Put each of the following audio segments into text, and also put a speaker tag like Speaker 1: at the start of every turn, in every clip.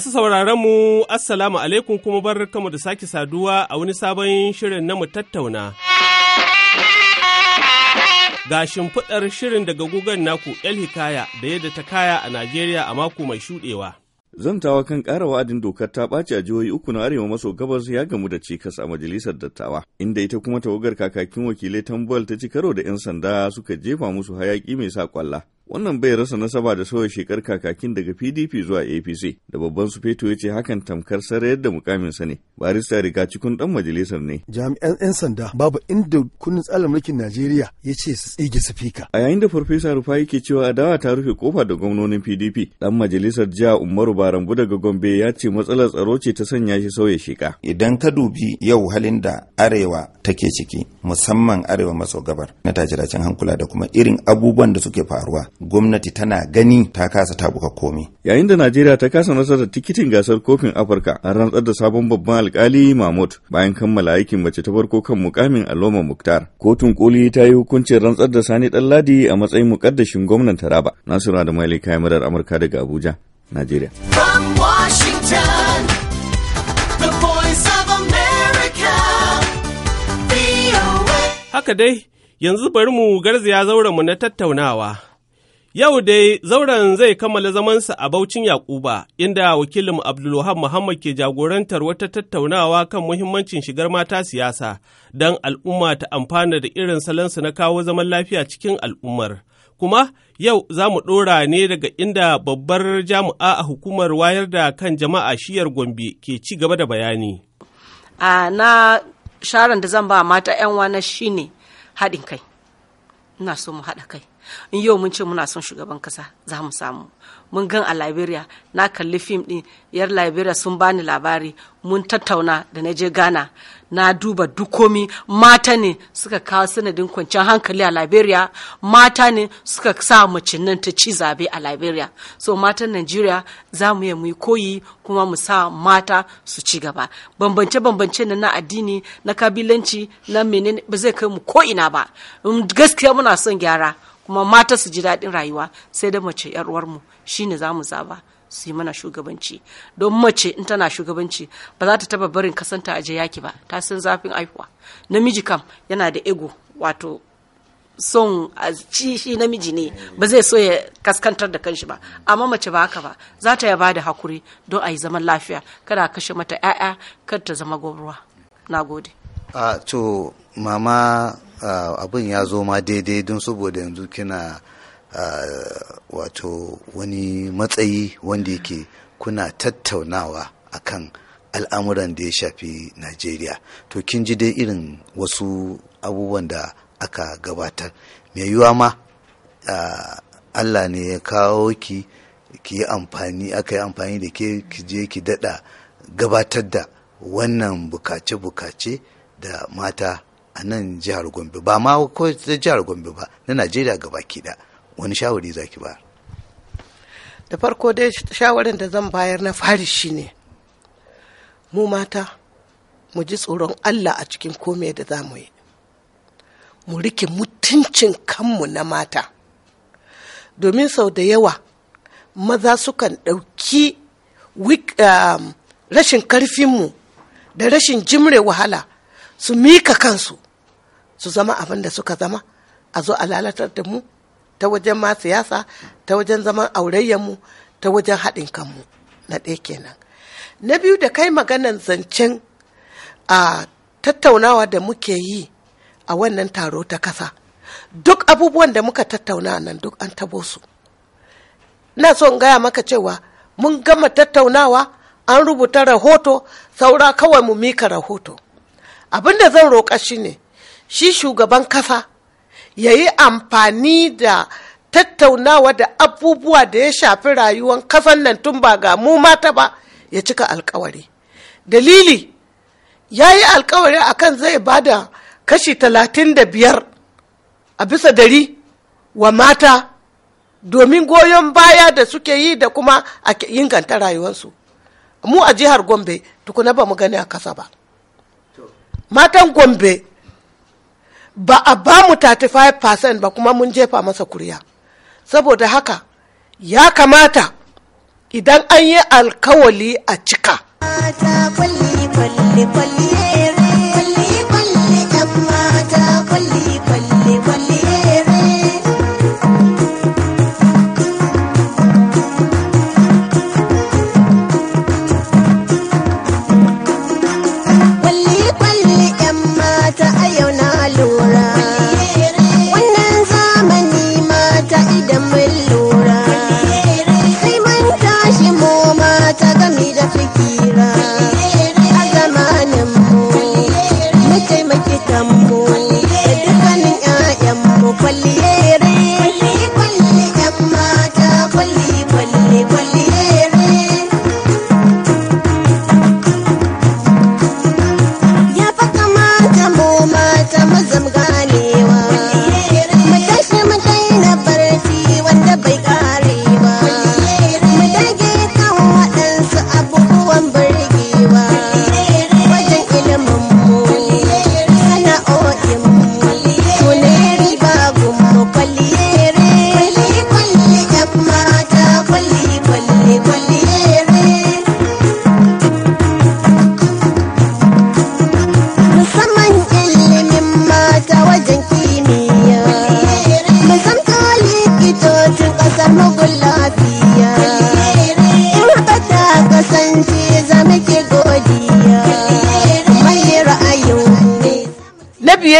Speaker 1: Masu sauraron mu Assalamu alaikum kuma bar da sake saduwa a wani sabon shirin na mu tattauna. Ga shimfiɗar shirin daga gugan naku El Hikaya da yadda ta kaya a Najeriya a mako mai shuɗewa.
Speaker 2: Zantawa kan ƙara wa'adin dokar ta ɓaci a jihohi uku na arewa maso gabas ya gamu da cikas a majalisar dattawa, inda ita kuma tawagar kakakin wakilai tambal ta ci karo da 'yan sanda suka jefa musu hayaƙi mai sa kwalla. Wannan bai rasa nasaba da sauya shekar kakakin daga PDP zuwa APC da babban su feto ya ce hakan tamkar sare da mukamin sa ne. Barista riga cikin dan majalisar ne.
Speaker 3: Jami'an 'yan sanda babu inda kundin tsarin mulkin
Speaker 2: Najeriya ya ce su tsige sifika. A yayin da Farfesa Rufai ke cewa adawa ta rufe kofa da gwamnonin PDP, dan majalisar jiha Umaru Barambu daga Gombe ya ce matsalar tsaro ce ta sanya shi sauya sheka. Idan ka dubi yau halin da arewa take ciki musamman arewa maso gabar na tajiracin hankula da kuma irin abubuwan da suke faruwa gwamnati tana gani ta kasa tabuka komi. Yayin da Najeriya ta kasa nasarar tikitin gasar kofin Afirka an rantsar da sabon babban alkali Mahmud bayan kammala aikin mace ta farko kan mukamin Aloma Muktar. Kotun koli ta yi hukuncin rantsar da Sani Ɗanladi a matsayin mukaddashin gwamnan Taraba. nasiru da Maili kayan Amurka daga Abuja, Najeriya. Haka
Speaker 1: dai, yanzu bari mu garzaya zauren mu na tattaunawa. Yau dai zauren zai kammala zamansa a Baucin Yakuba, inda wakilin Abdulwahab Muhammad ke jagorantar wata tattaunawa kan muhimmancin shigar mata siyasa don al'umma ta amfana da irin salansu na kawo zaman lafiya cikin al'ummar. Kuma yau za mu ɗora ne daga inda babbar jami'a a hukumar wayar da kan jama'a shiyar Gombe ke ci gaba da bayani.
Speaker 3: A na sharan da zan ba mata 'yan shine haɗin kai. Ina so mu haɗa kai. in yau mun ce muna son shugaban kasa za mu samu mun gan a liberia na kalli fim din yar liberia sun bani labari mun tattauna da na je ghana na duba dukomi mata ne suka kawo sanadin kwanciyar hankali a liberia mata ne suka sa mace nan ta ci zabe a liberia so matan nigeria za mu yi muyi koyi kuma mu sa mata su ci gaba bambance bambance na addini na kabilanci na menene ba zai kai mu ko ina ba gaskiya muna son gyara kuma mata su ji daɗin rayuwa sai da mace yar uwarmu shine za mu zaba su yi mana shugabanci don mace in tana shugabanci ba za ta taba barin kasanta a yaki ba ta san zafin aihuwa namiji kam yana da ego wato son a ci shi namiji ne ba zai so ya kaskantar da kanshi ba amma mace ba haka ba za ta yaba da hakuri don a yi zaman lafiya kada kashe mata 'ya'ya kar ta zama gwamnati na gode
Speaker 4: a to mama Ah, abin ya zo ma daidai don saboda yanzu kina ah, wato wani matsayi wanda yake kuna tattaunawa kan al'amuran da ya shafi najeriya to kin ji dai irin wasu abubuwan da aka gabatar mai yiwuwa ma ah, allah ne ya kawo ki ki yi amfani aka yi amfani da ke ki je ki daɗa gabatar da wannan bukace-bukace da mata a nan jihar Gombe ba ma ko jihar Gombe ba na Najeriya ke da wani shawari zaki ba
Speaker 5: da farko dai shawarin da zan bayar na fari shine mu mata mu ji tsoron Allah a cikin komai da za mu yi mu rike mutuncin kanmu na mata domin sau da yawa maza sukan ɗauki um, rashin karfinmu da rashin jimre wahala su mika kansu su zama abin da suka zama a zo a lalatar da mu ta wajen ma siyasa ta wajen zaman mu, ta wajen haɗin kanmu na ɗaya kenan na biyu da kai maganan zancen a tattaunawa da muke yi a wannan taro ta ƙasa, duk abubuwan da muka tattauna nan duk an tabo su ina so in gaya maka cewa mun gama tattaunawa an rubuta rahoto saura kawai mu mika rahoto abin da zan roƙa shine shi shugaban kafa ya yi amfani da tattaunawa da abubuwa da ya shafi rayuwar kafan nan tun ba ga mu mata ba ya cika alkawari dalili ya yi alkawari akan zai ba da kashi talatin da biyar a bisa dari wa mata domin goyon baya da suke yi da kuma a inganta rayuwarsu mu a jihar gombe tukuna ba mu gani a kasa ba matan gombe ba a ba mu 35% ba kuma mun jefa masa kuriya saboda haka ya kamata idan an yi alkawali a cika. ta
Speaker 6: kwalli kwalli kwalli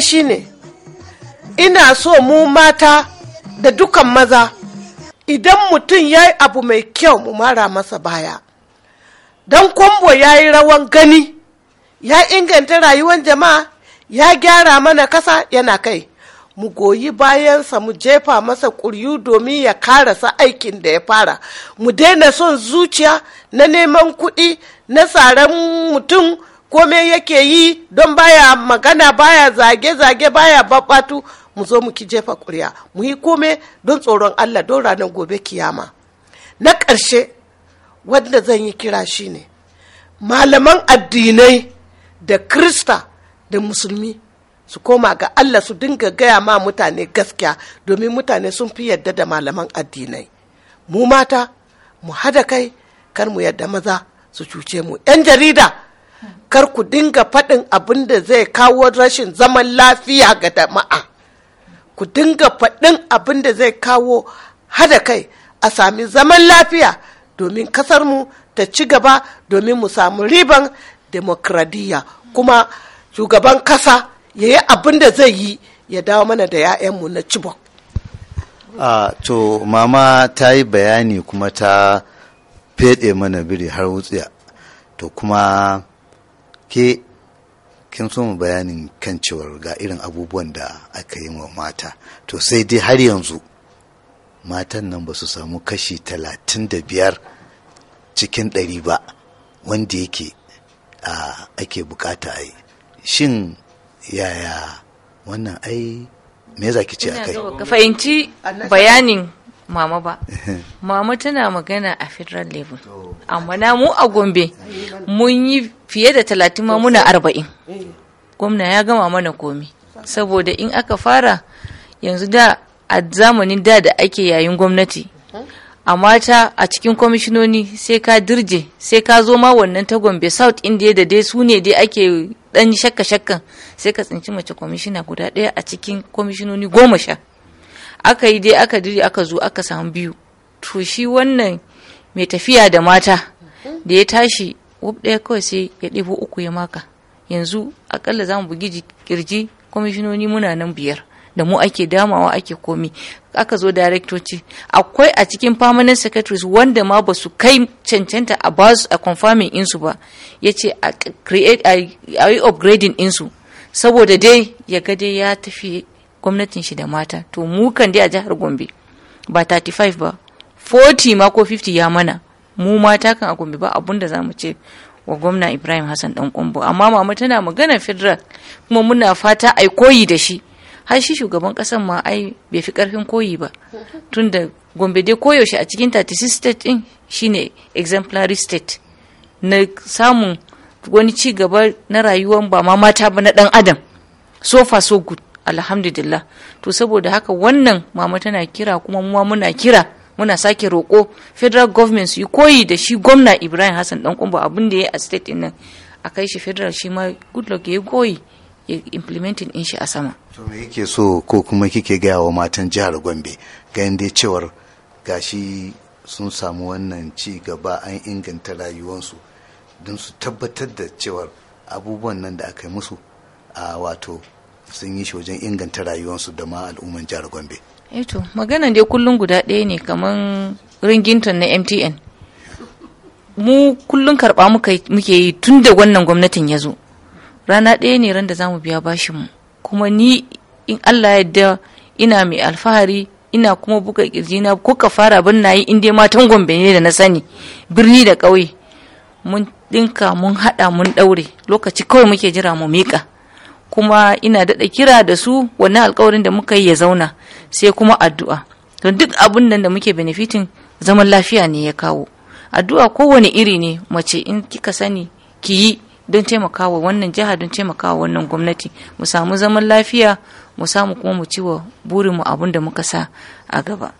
Speaker 6: ɗaya ne
Speaker 5: ina so mu mata da dukan maza idan mutum ya yi abu mai kyau mu mara masa baya don kwambo ya yi rawan gani ya inganta rayuwar jama'a ya gyara mana kasa yana kai mu goyi bayansa mu jefa masa ƙuryu domin ya karasa aikin da ya fara mu daina son zuciya na neman kuɗi na tsaron mutum komai yake yi don baya magana baya zage-zage baya babbatu mu zo mu ki jefa kuriya mu yi komai don tsoron allah don ranar gobe kiyama na ƙarshe wanda zan yi kira shine malaman addinai da krista da musulmi su koma ga allah su dinga gaya ma mutane gaskiya domin mutane sun fi yadda da malaman addinai mu mata mu hada kai kar mu yadda maza su cuce mu 'yan jarida kar ku dinga faɗin abin da zai kawo rashin zaman lafiya ga jama'a ku dinga faɗin abin da zai kawo hada kai a sami zaman lafiya domin mu ta ci gaba domin mu samu riban demokradiyya kuma shugaban kasa ya yi abin da zai yi ya dawo mana da 'ya'yanmu na cibok
Speaker 4: a to mama ta yi bayani kuma ta fede mana biri har wutsiya to kuma ke kin so mu bayanin kan cewar ga irin abubuwan da aka yi wa mata to sai dai har yanzu matan nan ba su samu kashi talatin da biyar cikin ɗari ba wanda yake ake bukata a yi shin yaya wannan ai me
Speaker 7: za ki ce a kai fahimci bayanin mama ba eh. mama tana magana a federal level amma na mu a gombe mun yi fiye da talatin ma muna arba'in gwamna ya gama mana komi saboda in aka fara yanzu da a zamanin da da ake yayin gwamnati a mata a cikin kwamishinoni sai ka dirje sai ka zo ma wannan ta gombe south india da dai su ne dai ake dan shakka shakkan sai ka tsinci mace kwamishina guda ɗaya a cikin kwamishinoni goma sha aka yi dai aka diri aka zo aka samu biyu to shi wannan mai tafiya da mata da ya tashi wub ɗaya kawai sai ya ɗebo uku ya maka yanzu akalla za mu bugi kirji kwamishinoni muna nan biyar da mu ake damawa ake komi aka zo darektoci akwai a cikin permanent secretaries wanda ma ba su kai cancanta a ba su a confirming insu ba ya ce a yi upgrading insu saboda dai ya ga dai ya tafi gwamnatin shi da mata to mu kan dai a jihar gombe ba 35 ba 40 ma ko 50 ya mana mu mata kan a gombe ba abunda da za mu ce wa gwamna ibrahim hassan dan kumbo amma mama tana magana federal kuma muna fata ai koyi da shi har shi shugaban kasan ma ai bai fi karfin koyi ba tunda gombe dai koyaushe a cikin 36 state din shine exemplary state na samun wani ci gaba na rayuwar ba ma mata ba na dan adam so far so good alhamdulillah to saboda haka wannan mama tana kira kuma muwa muna kira muna sake roƙo federal government su yi koyi da shi gwamna ibrahim hassan dan kumba abin da ya yi a state din nan a kai shi federal shi ma goodluck ya koyi ya implementing in shi a sama
Speaker 4: to me yake so ko kuma kike gaya wa matan jihar gombe ga dai cewar gashi sun samu wannan ci gaba an inganta rayuwarsu don su tabbatar da cewar abubuwan nan da aka yi musu a wato sun yi shi wajen inganta rayuwarsu da ma
Speaker 7: al'umman jihar gombe eto eh magana dai kullum guda ɗaya ne kamar ringinton na mtn mu kullum karɓa muke yi tun da wannan gwamnatin ya zo rana ɗaya ne ran da za mu biya mu. kuma ni in allah yadda ina mai alfahari ina kuma buga na ko ka fara bin nayi in dai matan gombe ne da na sani birni da ƙauye mun ɗinka mun haɗa mun ɗaure lokaci kawai muke jira mu miƙa kuma ina daɗa kira da su wannan alkawarin da muka yi ya zauna sai kuma addu'a don duk abin nan da muke benefitin zaman lafiya ne ya kawo addu'a kowane iri ne mace in kika sani ki yi don taimakawa wannan jiha don taimakawa wannan gwamnati mu samu zaman lafiya mu samu kuma mu ci wa burin mu abun da muka sa a gaba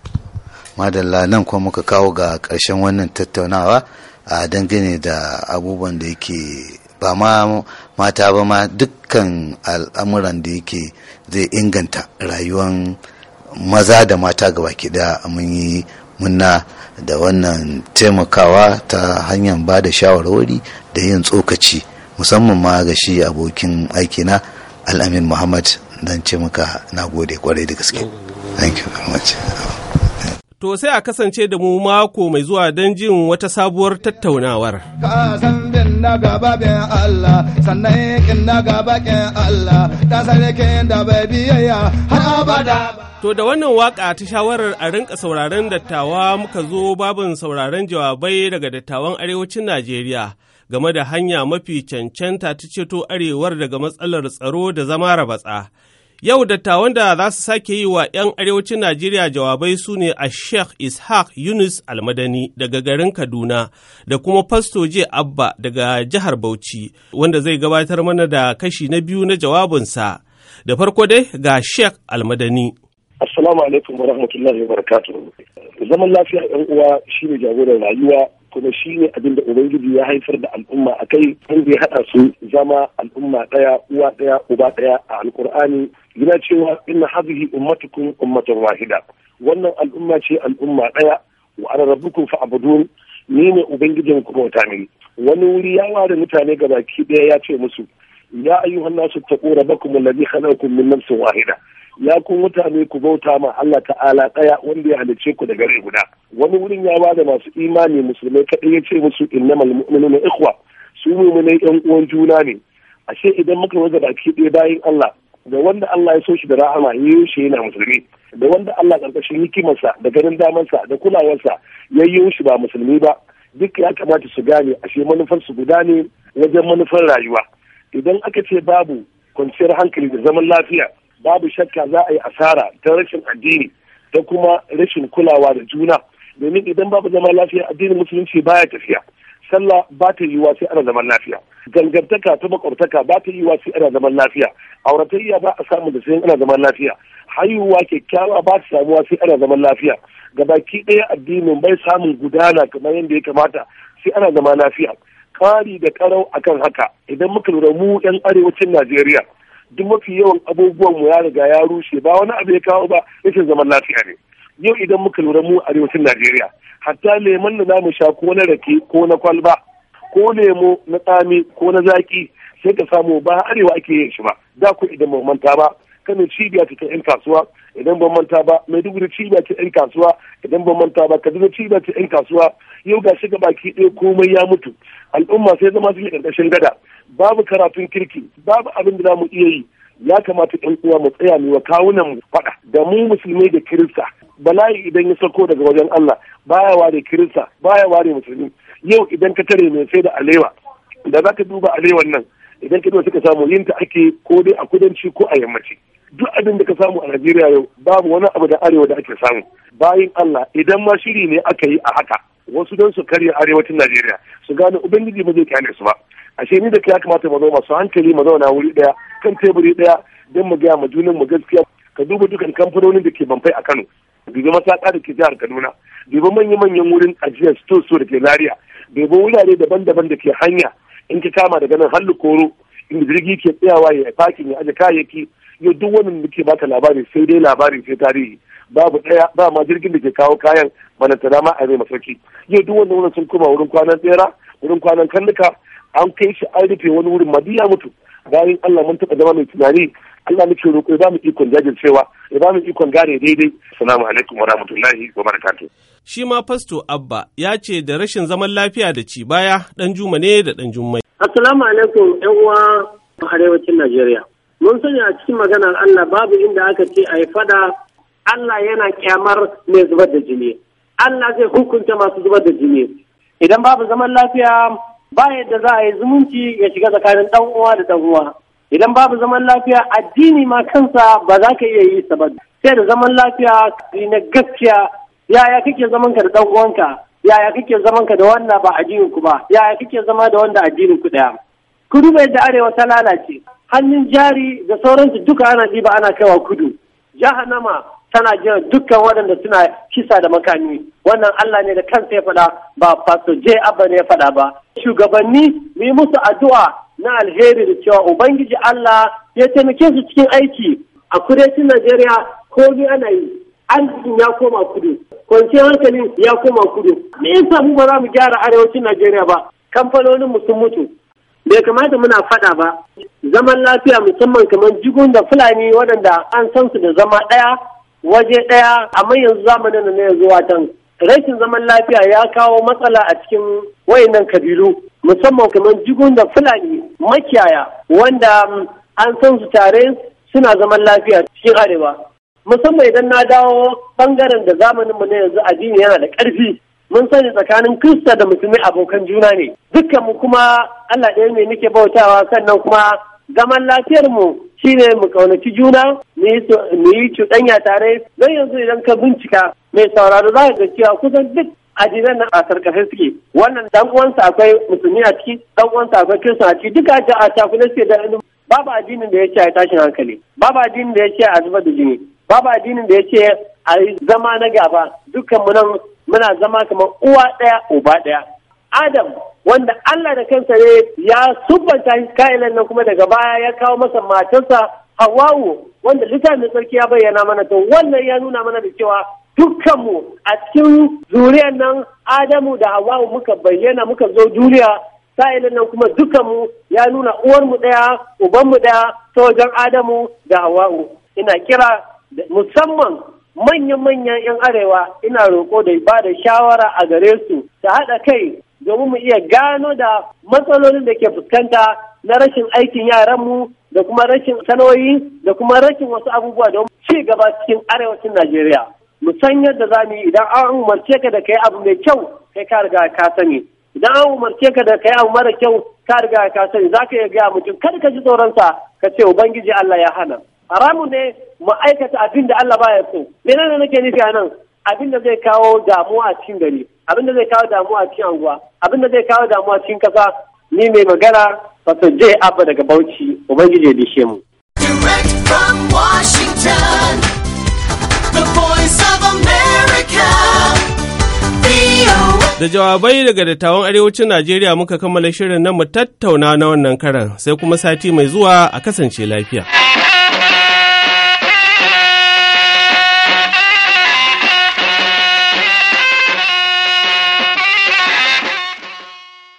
Speaker 4: madalla nan kuma muka kawo ga ƙarshen wannan tattaunawa a dangane da abubuwan da yake ba ma mata ba ma dukkan al'amuran da yake zai inganta rayuwan maza da mata gaba da mun yi muna da wannan taimakawa ta hanyar ba da shawarwari da yin tsokaci musamman ma ga shi abokin aikina al'amin muhammad don ce muka na gode kwarai
Speaker 1: da gaske
Speaker 2: thank you very much
Speaker 1: To sai a kasance da mu mako mai zuwa don jin wata sabuwar tattaunawar.
Speaker 4: Allah, da
Speaker 1: To da wannan waka ta shawarar a rinka sauraron dattawa muka zo babin sauraron jawabai daga dattawan arewacin Najeriya game da hanya mafi cancanta ta ceto arewar daga matsalar tsaro da zama rabatsa. Yau dattawan da za su sake yi wa 'yan arewacin Najeriya jawabai su ne a Sheikh Ishaq Yunus Almadani daga garin Kaduna da kuma Fasto J. Abba daga jihar Bauchi wanda zai gabatar mana da kashi na biyu na jawabinsa. Da farko dai ga Sheikh Almadani.
Speaker 8: Assalamu alaikum warahmatullahi rahmatullahi Zaman lafiya 'yan uwa shi ne jagoran rayuwa kuma shi ne abin da ubangiji ya haifar da al'umma a kai zai ya haɗa su zama al'umma ɗaya uwa ɗaya uba ɗaya a alkur'ani yana cewa inna hadhihi ummatukum ummatan wahida wannan al'umma ce al'umma daya wa ana rabbukum fa'budun ni ne ubangijin ku bauta ne wani wuri ya ware mutane gabaki daya ya ce musu ya ayyuhan nasu taqu rabbakum alladhi khalaqakum min nafsin wahida ya ku mutane ku bauta ma Allah ta'ala daya wanda ya halice ku daga rai guda wani wurin ya ware masu imani musulmai kadai ya ce musu innamal mu'minuna ikhwa su mu'minai yan uwan juna ne ashe idan muka waje baki daya bayan Allah da wanda Allah ya so shi da rahama ya yi shi yana musulmi da wanda Allah karkashin hikimarsa da ganin damansa da kulawarsa ya yi shi ba musulmi ba duk ya kamata su gane ashe manufar su guda ne wajen manufar rayuwa idan aka ce babu kwanciyar hankali da zaman lafiya babu shakka za a yi asara ta rashin addini da kuma rashin kulawa da juna domin idan babu zaman lafiya addinin musulunci baya tafiya sallah ba ta yiwuwa sai ana zaman lafiya dangantaka ta makwabtaka ba ta yiwuwa sai ana zaman lafiya auratayya ba a samu da sai ana zaman lafiya haihuwa kyakkyawa ba ta samuwa sai ana zaman lafiya gabaki ɗaya addinin bai samun gudana kamar yadda ya kamata sai ana zaman lafiya ƙari da ƙarau akan haka idan muka lura mu 'yan arewacin najeriya duk mafi yawan abubuwan mu ya riga ya rushe ba wani abu ya kawo ba rashin zaman lafiya ne yau idan muka lura mu arewacin najeriya hatta lemon da za mu sha ko na rake ko na kwalba ko lemo na tsami ko na zaki sai ka samu ba arewa ake yin shi ba da ku idan ba manta ba kano cibiya ta ta 'yan kasuwa idan ban manta ba mai duk da cibiya ta 'yan kasuwa idan ban manta ba duka cibiya ta 'yan kasuwa yau ga shiga baki ɗaya komai ya mutu al'umma sai zama su yi ƙarƙashin gada babu karatun kirki babu abin da za mu iya yi ya kamata 'yan uwa mu tsaya mu wa kawunan mu faɗa da mu musulmai da kirista bala'i idan ya sauko daga wajen Allah baya ware kirista baya ware musulmi yau idan ka tare mai sai da alewa da za ka duba alewan nan idan ka duba suka samu yin ta ake ko dai a kudanci ko a yammaci duk abin da ka samu a Najeriya yau babu wani abu da arewa da ake samu bayin Allah idan ma shiri ne aka yi a haka wasu don su karya arewacin Najeriya su gane ubangiji ba zai kyale su ba ashe ni da ya kamata mu zo masu hankali mu zauna wuri daya kan teburi daya don mu gaya ma junan mu gaskiya ka duba dukan kamfanonin da ke banfai a Kano dubi masaka da ke jihar kaduna dubi manya-manyan wurin ajiyar sto da ke zaria dubi wurare daban-daban da ke hanya in ki kama daga nan hallu koro inda jirgi ke tsayawa ya fakin ya aje kayayyaki yau duk wannan da ke baka labari sai dai labari sai tarihi babu daya ba ma jirgin da ke kawo kayan bana ta dama a zai masauki yau duk wannan wurin sun koma wurin kwanan tsera wurin kwanan kannuka an kai shi an rufe wani wurin madiya mutu bayan allah mun taɓa zama mai tunani Allah muke roƙo ya ba mu ikon jajircewa ya ba mu ikon gane daidai assalamu alaikum wa rahmatullahi wa barakatuh
Speaker 1: shi ma fasto abba ya ce da rashin zaman lafiya da ci baya dan juma ne da dan jummai assalamu alaikum yan uwa
Speaker 9: arewacin najeriya mun sanya a cikin maganar Allah babu inda aka ce a yi fada Allah yana kyamar mai zubar da jini Allah zai hukunta masu zubar da jini idan babu zaman lafiya ba yadda za a yi zumunci ya shiga tsakanin dan uwa da dan uwa idan babu zaman lafiya addini ma kansa ba za ka iya yi sa ba sai da zaman lafiya na gaskiya yaya kake zaman ka da dan uwanka yaya kake zaman ka da wannan ba addinin ku ba yaya kake zama da wanda addinin ku daya ku bai da arewa ta lalace hannun jari da sauransu duka ana ɗiba ana kaiwa kudu jahannama tana jiran dukkan waɗanda suna kisa da makami wannan Allah ne da kansa ya faɗa ba faso J Abba ne ya faɗa ba shugabanni mu yi musu addu'a na alheri da cewa ubangiji Allah ya taimake su cikin aiki a kudancin Najeriya Ko ni ana yi arzikin ya koma kudu kwanciyar hankali ya koma kudu me in mu ba za mu gyara arewacin Najeriya ba kamfanonin mu sun mutu bai kamata muna faɗa ba zaman lafiya musamman kamar jigun da fulani waɗanda an san su da zama ɗaya waje ɗaya amma yanzu zamanin da na zuwa tan. rashin zaman lafiya ya kawo matsala a cikin wayannan kabilu musamman kamar jigun da fulani makiyaya wanda um, an san su tare suna zaman lafiya cikin arewa musamman idan na dawo bangaren da zamaninmu na yanzu addini yana da ƙarfi mun sani tsakanin Kirista da musulmi abokan juna ne dukkan mu kuma allah ɗaya ne nake bautawa sannan kuma zaman lafiyar mu shine mu kaunaci juna mu yi cuɗanya tare don yanzu idan ka bincika mai sauraro za ka ga cewa kusan duk addinan nan a sarkafe suke wannan dan uwansa akwai musulmi a ciki dan uwansa akwai kirista a ciki duka a cakuɗe suke da babu addinin da ya ce a tashin hankali babu addinin da ya ce a zubar da jini babu addinin da ya ce a yi zama na gaba dukkan mu nan muna zama kamar uwa ɗaya uba ɗaya adam wanda Allah da kansa ne ya subanta ka'ilan nan kuma daga baya ya kawo masa matarsa hawawu wanda littafin sarki ya bayyana mana to wannan ya nuna mana da cewa dukkanmu a cikin zuriyar nan Adamu da hawau muka bayyana muka zo duniya sa'ilin nan kuma dukkanmu ya nuna uwarmu ɗaya ubanmu ɗaya ta wajen Adamu da hawau ina kira musamman manyan-manyan 'yan arewa ina roƙo da ba da shawara a gare su ta haɗa kai domin mu iya gano da matsalolin da ke fuskanta na rashin aikin yaranmu da kuma rashin sanoyi da kuma rashin wasu abubuwa don ci gaba cikin arewacin Najeriya. mu san yadda za mu yi idan an umarce ka da kai abu mai kyau kai ka riga ka sani idan an umarce ka da kai abu mara kyau ka riga ka sani za ka iya gaya mutum kada ka ji sa ka ce ubangiji Allah ya hana haramu ne mu aikata abin da Allah baya so menene nake nufi a nan abin da zai kawo damuwa a cikin gari abin da zai kawo damuwa a cikin anguwa abin da zai kawo damuwa a cikin kasa ni mai magana wato J Abba daga Bauchi ubangiji ya bishe mu
Speaker 6: direct from Washington
Speaker 1: Da jawabai daga dattawan arewacin Najeriya muka kammala shirin na mu tattauna na wannan karan sai kuma sati mai zuwa a kasance lafiya.